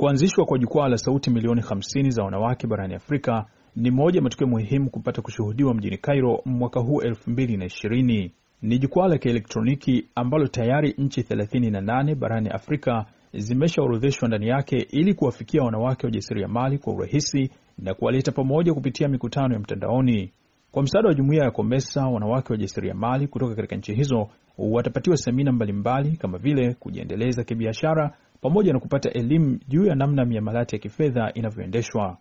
Kuanzishwa kwa jukwaa la sauti milioni 50 za wanawake barani Afrika ni moja ya matukio muhimu kupata kushuhudiwa mjini Cairo mwaka huu 2020. Ni jukwaa la kielektroniki ambalo tayari nchi 38 barani Afrika zimeshaorodheshwa ndani yake ili kuwafikia wanawake wajasiriamali kwa urahisi na kuwaleta pamoja kupitia mikutano ya mtandaoni. Kwa msaada wa jumuiya ya Komesa, wanawake wajasiriamali kutoka katika nchi hizo watapatiwa semina mbalimbali kama vile kujiendeleza kibiashara pamoja na kupata elimu juu ya namna miamalati ya kifedha inavyoendeshwa.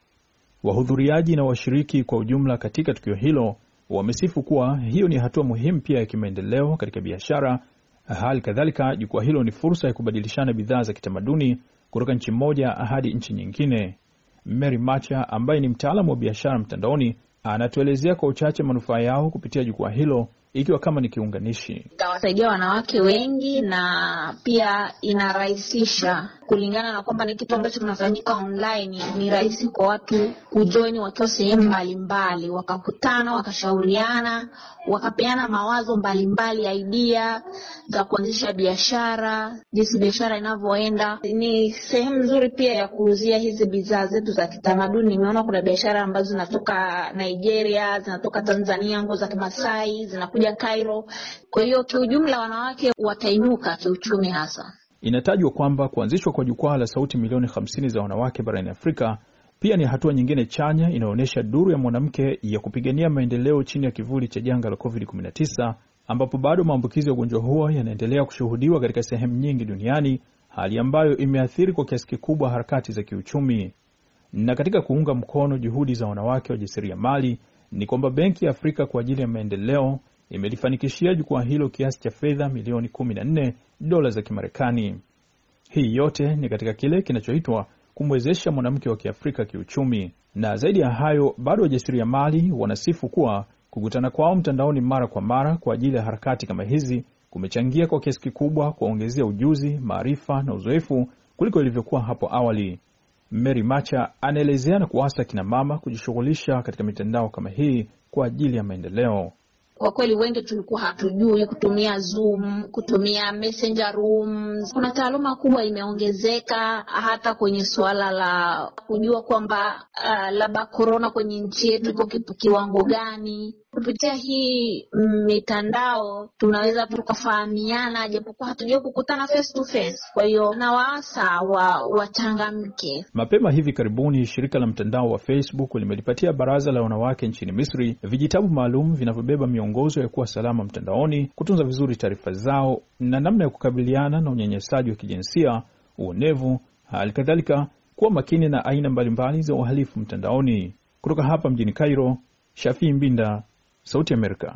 Wahudhuriaji na washiriki kwa ujumla katika tukio hilo wamesifu kuwa hiyo ni hatua muhimu pia ya kimaendeleo katika biashara. Hali kadhalika, jukwaa hilo ni fursa ya kubadilishana bidhaa za kitamaduni kutoka nchi moja hadi nchi nyingine. Mary Macha ambaye ni mtaalamu wa biashara mtandaoni anatuelezea kwa uchache manufaa yao kupitia jukwaa hilo ikiwa kama ni kiunganishi. Itawasaidia wanawake wengi na pia inarahisisha kulingana na kwamba ni kitu ambacho kinafanyika online. Ni rahisi kwa watu kujoini wakiwa sehemu mbalimbali, wakakutana, wakashauriana, wakapeana mawazo mbalimbali, idea za kuanzisha biashara, jinsi biashara inavyoenda. Ni sehemu nzuri pia ya kuuzia hizi bidhaa zetu za kitamaduni. Nimeona kuna biashara ambazo zinatoka Nigeria, zinatoka Tanzania, nguo za Kimasai zinakuja ya Cairo. Kwa hiyo kiujumla, wanawake watainuka kiuchumi hasa. Inatajwa kwamba kuanzishwa kwa jukwaa la sauti milioni 50 za wanawake barani Afrika pia ni hatua nyingine chanya inayoonyesha duru ya mwanamke ya kupigania maendeleo chini ya kivuli cha janga la COVID-19 ambapo bado maambukizi ya ugonjwa huo yanaendelea kushuhudiwa katika sehemu nyingi duniani, hali ambayo imeathiri kwa kiasi kikubwa harakati za kiuchumi. Na katika kuunga mkono juhudi za wanawake wajasiriamali ni kwamba Benki ya Afrika kwa ajili ya Maendeleo imelifanikishia jukwaa hilo kiasi cha fedha milioni 14 dola za Kimarekani. Hii yote ni katika kile kinachoitwa kumwezesha mwanamke wa Kiafrika kiuchumi. Na zaidi ya hayo, bado wajasiriamali wanasifu kuwa kukutana kwao mtandaoni mara kwa mara kwa ajili ya harakati kama hizi kumechangia kwa kiasi kikubwa kuwaongezea ujuzi, maarifa na uzoefu kuliko ilivyokuwa hapo awali. Mary Macha anaelezea na kuasa kinamama kujishughulisha katika mitandao kama hii kwa ajili ya maendeleo. Kwa kweli wengi tulikuwa hatujui kutumia Zoom, kutumia messenger rooms. Kuna taaluma kubwa imeongezeka hata kwenye suala la kujua kwamba uh, labda korona kwenye nchi yetu iko kiwango gani kupitia hii mitandao tunaweza tukafahamiana, japokuwa hatujui kukutana face to face. Kwa hiyo na waasa wa wachangamke mapema. Hivi karibuni shirika la mtandao wa Facebook limelipatia baraza la wanawake nchini Misri vijitabu maalum vinavyobeba miongozo ya kuwa salama mtandaoni, kutunza vizuri taarifa zao na namna ya kukabiliana na unyanyasaji wa kijinsia, uonevu, hali kadhalika kuwa makini na aina mbalimbali za uhalifu mtandaoni. Kutoka hapa mjini Cairo, Shafii Mbinda, Sauti Amerika.